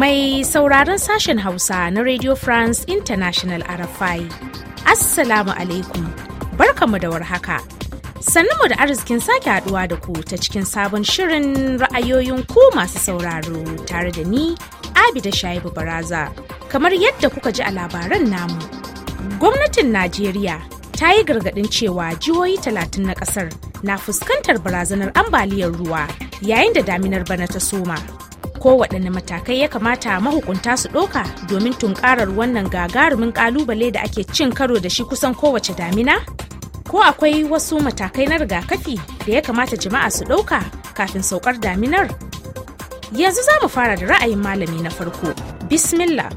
Mai sauraron sashen Hausa na Radio France International RFI. Assalamu alaikum, barkamu da warhaka. Sannunmu da arzikin sake haduwa da ku ta cikin sabon shirin ra'ayoyin ku masu sauraro tare da ni, Abi da Shaibu Baraza. Kamar yadda kuka ji a labaran namu, gwamnatin Najeriya ta yi gargadin cewa jihohi talatin na ƙasar na fuskantar barazanar ambaliyar ruwa yayin da daminar bana ta soma. Kowaɗanne matakai ya kamata mahukunta su ɗoka domin tunƙarar wannan gagarumin ƙalubale da ake cin karo da shi kusan kowace damina? Ko akwai wasu matakai na rigakafi da ya kamata jama'a su ɗauka kafin saukar daminar? Yanzu za mu fara da ra'ayin malami na farko. Bismillah.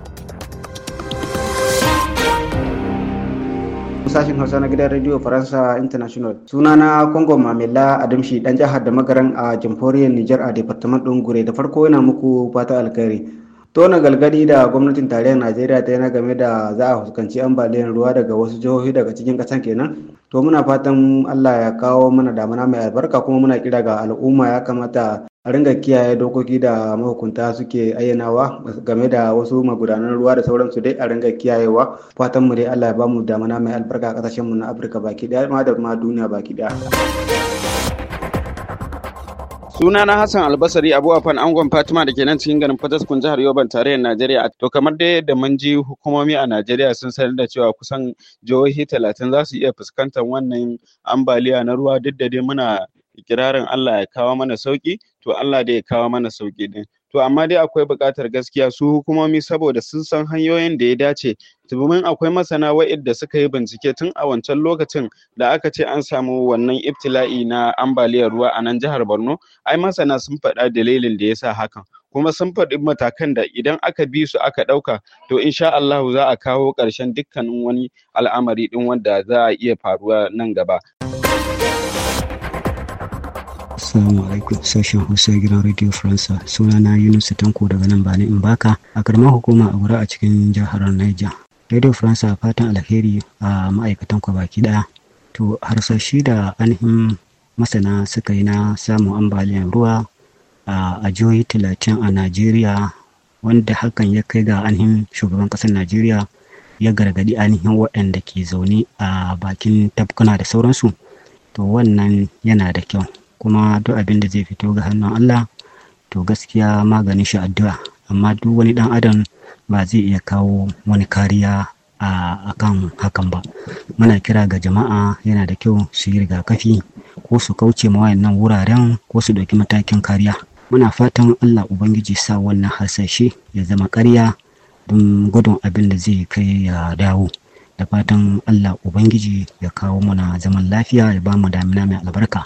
sashen hausa na gidan radio faransa international sunana kongo mamela adamshi dan jihar da magaran a jamhuriyar niger a departement ɗin gure da farko yana muku fata alkhairi tona galgadi da gwamnatin tarayyar najeriya ta yana game da za a fuskanci ambaliyar ruwa daga wasu jihohi daga cikin kasan kenan to muna fatan allah ya kawo mana damana mai albarka kuma muna kira ga al'umma ya kamata a ringa kiyaye dokoki da mahukunta suke ayyanawa game da wasu magudanan ruwa da sauransu dai a ringa kiyayewa fatan mu dai Allah ya bamu damana mai albarka a kasashen mu na Afirka baki daya ma da ma duniya baki daya suna na hassan albasari abu afan angon fatima da ke nan cikin garin kun jihar yoban tarayyar najeriya to kamar dai yadda mun ji hukumomi a najeriya sun sanar da cewa kusan jihohi talatin za su iya fuskantar wannan ambaliya na ruwa duk da dai muna ikirarin Allah ya kawo mana sauki to Allah dai ya kawo mana sauki din to amma dai akwai buƙatar gaskiya su hukumomi saboda sun san hanyoyin da ya dace min akwai masana wa'idda suka yi bincike tun a wancan lokacin da aka ce an samu wannan iftila'i na ambaliyar ruwa a nan jihar Borno ai masana sun faɗa dalilin da yasa hakan kuma sun faɗi matakan da idan aka bi su aka ɗauka to insha Allah za a kawo ƙarshen dukkanin wani al'amari ɗin wanda za a iya faruwa nan gaba. Assalamu alaikum sashen Hausa gidan Radio Faransa sunana Yunus Tanko daga nan bani in baka a karamar hukuma a gura a cikin jihar Niger. Radio Faransa fatan alheri a ma'aikatan ku baki daya. To harsashi da ainihin masana suka yi na samun ambaliyar ruwa a jihohi talatin a Najeriya wanda hakan ya kai ga ainihin shugaban ƙasar Najeriya ya gargadi ainihin waɗanda ke zaune a bakin tafkuna da sauransu. To wannan yana da kyau. kuma duk abin da zai fito ga hannun Allah to gaskiya maganin shi addu'a amma duk wani dan adam ba zai iya kawo wani kariya a akan hakan ba muna kira ga jama'a yana da kyau su yi rigakafi ko su kauce ma wayannan wuraren ko su ɗauki matakin kariya muna fatan allah ubangiji sa wannan hasashe ya zama ƙarya don gudun abin da zai kai ya dawo da fatan allah ubangiji ya kawo mana zaman lafiya ya ba mu damina mai albarka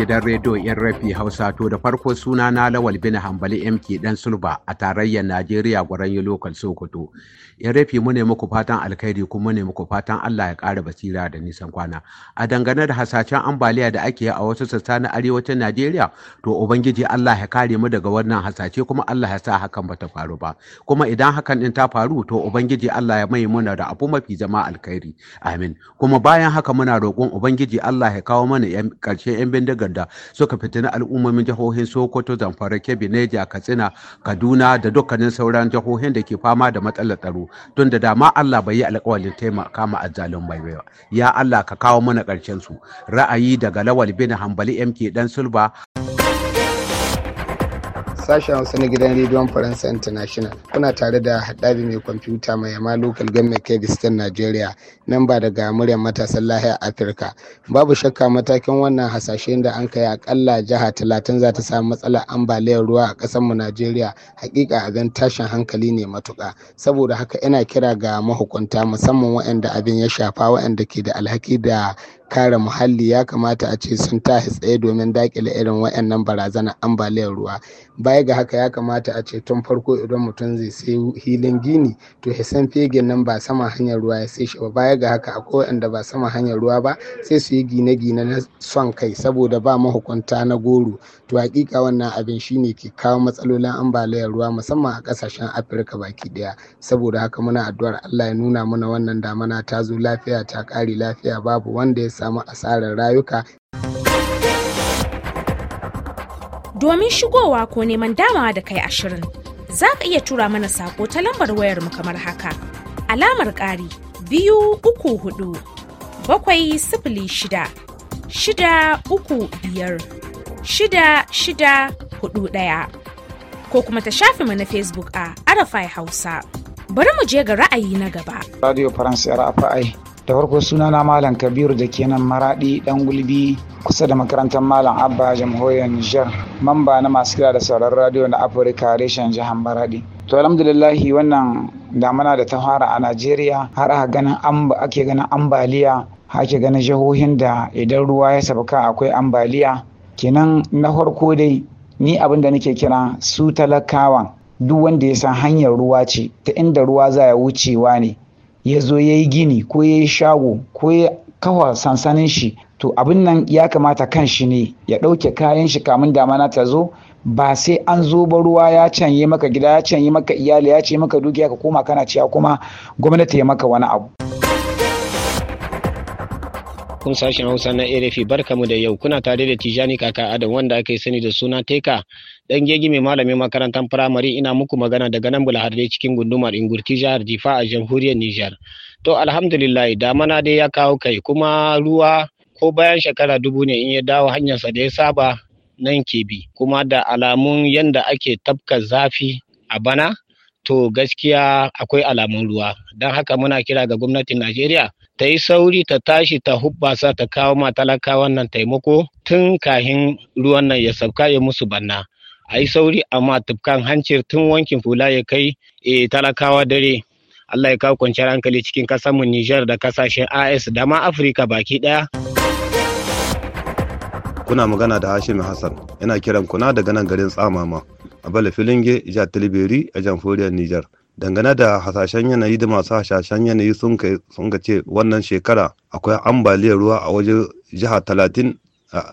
gidan rediyo yan rafi hausa to da farko suna na lawal bin hambali mk dan sulba a tarayyar najeriya gwaran yi lokal sokoto yan rafi mu ne muku fatan alkhairi kuma ne muku fatan allah ya kara basira da nisan kwana a dangane da hasashen ambaliya da ake a wasu sassa na arewacin najeriya to ubangiji allah ya kare mu daga wannan hasashe kuma allah ya sa hakan bata faru ba kuma idan hakan din ta faru to ubangiji allah ya mai muna da abu mafi zama alkhairi amin kuma bayan haka muna roƙon ubangiji allah ya kawo mana ƙarshen yan bindigar waɗanda suka fitini al'ummomin jihohin sokoto zamfara kebbi neja katsina kaduna da dukkanin sauran jihohin da ke fama da matsalar tsaro tun da dama allah bai yi alkawalin taimaka ma azzalin bai ba ya allah ka kawo mana karshen su ra'ayi daga lawal bin hambali mk dan sulba sashen hausa na gidan rediyon faransa international kuna tare da haɗari mai kwamfuta mai yama local government kyrgyzstan nigeria nan ba daga muryar matasan lahiyar afirka babu shakka matakin wannan hasashen da an kai akalla jiha talatin za ta samu matsalar ambaliyar ruwa a ƙasar mu nigeria hakika abin tashin hankali ne matuƙa saboda haka ina kira ga mahukunta musamman waɗanda abin ya shafa waɗanda ke da alhaki da kare muhalli ya kamata a ce sun tashi tsaye domin dakile irin wayannan barazanar ambaliyar ruwa baya ga haka ya kamata a ce tun farko idan mutum zai sai hilin gini to ya san fegin nan ba sama hanyar ruwa ya sai shi ba baya ga haka akwai waɗanda ba sama hanyar ruwa ba sai su yi gine-gine na son kai saboda ba mahukunta na goro to hakika wannan abin shine ke kawo matsalolin ambaliyar ruwa musamman a kasashen afirka baki daya saboda haka muna addu'ar allah ya nuna mana wannan damana ta zo lafiya ta kare lafiya babu wanda ya samu asarar rayuka domin shigowa ko neman damawa da kai ashirin za ka iya tura mana sako ta lambar wayar mu kamar haka alamar ƙari biyu uku hudu bakwai sifili shida shida uku biyar shida shida hudu ɗaya ko kuma ta shafi mana facebook a arafai hausa bari mu je ga ra'ayi na gaba radio da farko suna na malam kabiru da kenan maradi maraɗi ɗan gulbi kusa da makarantar malam abba jamhuriyar nijar mamba na masu kira da sauran radiyo na afirka reshen jihar maraɗi to alhamdulillahi wannan damana da ta fara a najeriya har a ake ganin ambaliya ake ganin jihohin da idan ruwa ya sabuka akwai ambaliya kenan na farko dai ni abin da nake kira su talakawan duk wanda ya san hanyar ruwa ce ta inda ruwa za ya wucewa ne ya zo ya yi gini ko ya yi shago ko ya kawa sansanin shi to abin nan ya kamata kan shi ne ya ɗauke kayan shi kamun damana ta zo ba sai an zo ba ruwa ya canye maka gida ya canye maka iyali ya canye maka dukiya ka koma kana ciya kuma gwamnati ya maka wani abu. kun sashen Hausa na Barka barkamu da yau kuna tare da Tijani Kaka Adam wanda aka yi sani da suna Teka dan gegi mai malamin makarantar firamare ina muku magana daga nan Bulharde cikin gundumar Ingurti jihar Difa a jamhuriyar Nijar. To alhamdulillah damana dai ya kawo kai kuma ruwa ko bayan shekara dubu ne in ya dawo hanyarsa da ya saba nan ke bi kuma da alamun yanda ake tafka zafi a bana to gaskiya akwai alamun ruwa don haka muna kira ga gwamnatin najeriya ta yi sauri ta tashi ta hubbasa ta kawo ma talakawa wannan taimako tun kahin ruwan nan ya sauka ya musu banna a yi sauri amma tufkan hancin tun wankin fula ya kai e, talakawa dare allah ya kawo kwanciyar hankali cikin mu nijar da kasashen as da ma afirka baki daya kuna magana da hashim hassan yana kiran kuna daga nan garin tsamama abala filinge ija tilibiri a jamhuriyar niger dangane da hasashen yanayi da masu hasashen yanayi sun ka ce wannan shekara akwai ambaliyar ruwa a wajen jiha talatin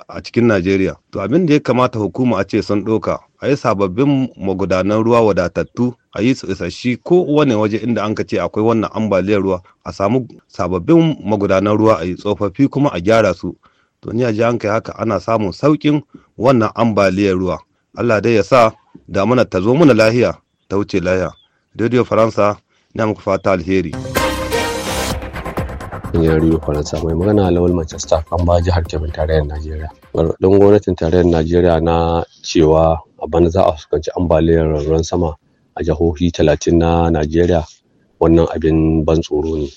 a cikin najeriya to abin da ya kamata hukuma a ce sun ɗauka a yi sababbin magudanan ruwa wadatattu a yi su isasshi ko wani waje inda an ka ce akwai wannan ambaliyar ruwa a samu sababbin magudanan ruwa a yi tsofaffi kuma a gyara su to ni a ji an kai haka ana samun sauƙin wannan ambaliyar ruwa allah dai ya sa Da mana ta zo muna lahiya ta wuce lahiya radio faransa na muku fata alheri yan radio faransa mai magana lawal manchester kan ba jihar kebbi tarayyar najeriya gargaɗin gwamnatin tarayyar najeriya na cewa a bana za a fuskanci ambaliyar ruwan sama a jihohi talatin na najeriya wannan abin ban tsoro ne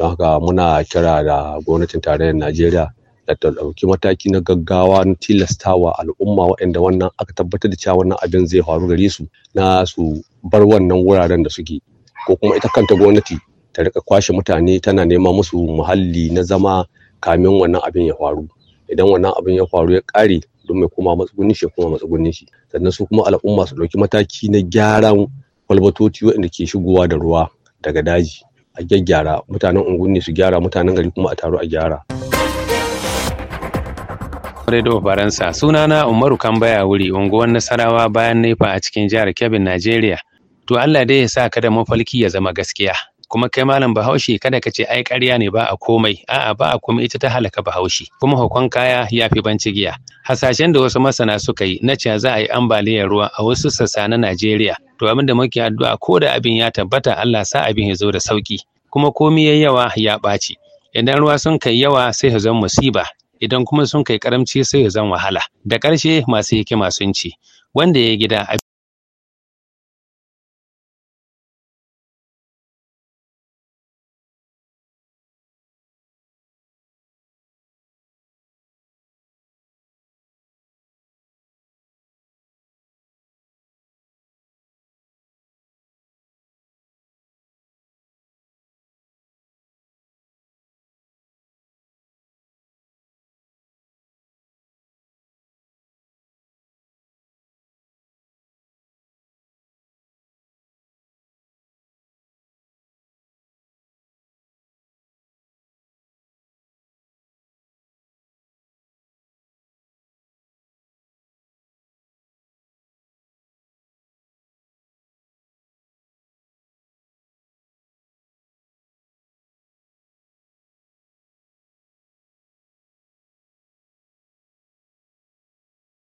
don haka muna kira da gwamnatin tarayyar najeriya da ta ɗauki mataki na gaggawa na tilastawa al'umma waɗanda wannan aka tabbatar da cewa wannan abin zai faru gare su na su bar wannan wuraren da suke ko kuma ita kanta gwamnati ta rika kwashe mutane tana nema musu muhalli na zama kamin wannan abin ya faru idan wannan abin ya faru ya kare don mai koma matsugunin shi kuma matsugunin shi sannan su kuma al'umma su ɗauki mataki na gyaran kwalbatoci waɗanda ke shigowa da ruwa daga daji a gyaggyara mutanen unguwanni su gyara mutanen gari kuma a taru a gyara. Alfredo faransa sunana Umaru Kambaya wuri unguwar Nasarawa bayan nefa a cikin jihar kebbin Najeriya. To Allah dai ya sa kada mafalki ya zama gaskiya. Kuma kai malam Bahaushe kada ka ce ai ƙarya ne ba a komai, a'a ba a komai ita ta halaka Bahaushe. Kuma hukun kaya ya fi banci giya. Hasashen da wasu masana suka yi na cewa za a yi ambaliyar ruwa a wasu sassa na Najeriya. To abin da muke addu'a ko da abin ya tabbata Allah sa abin ya zo da sauki. Kuma komi yayi yawa ya ɓaci. idan ruwa sun kai yawa sai su zama musiba idan kuma sun kai karamci sai ya zan wahala da ƙarshe masu hikima sun ce wanda ya gida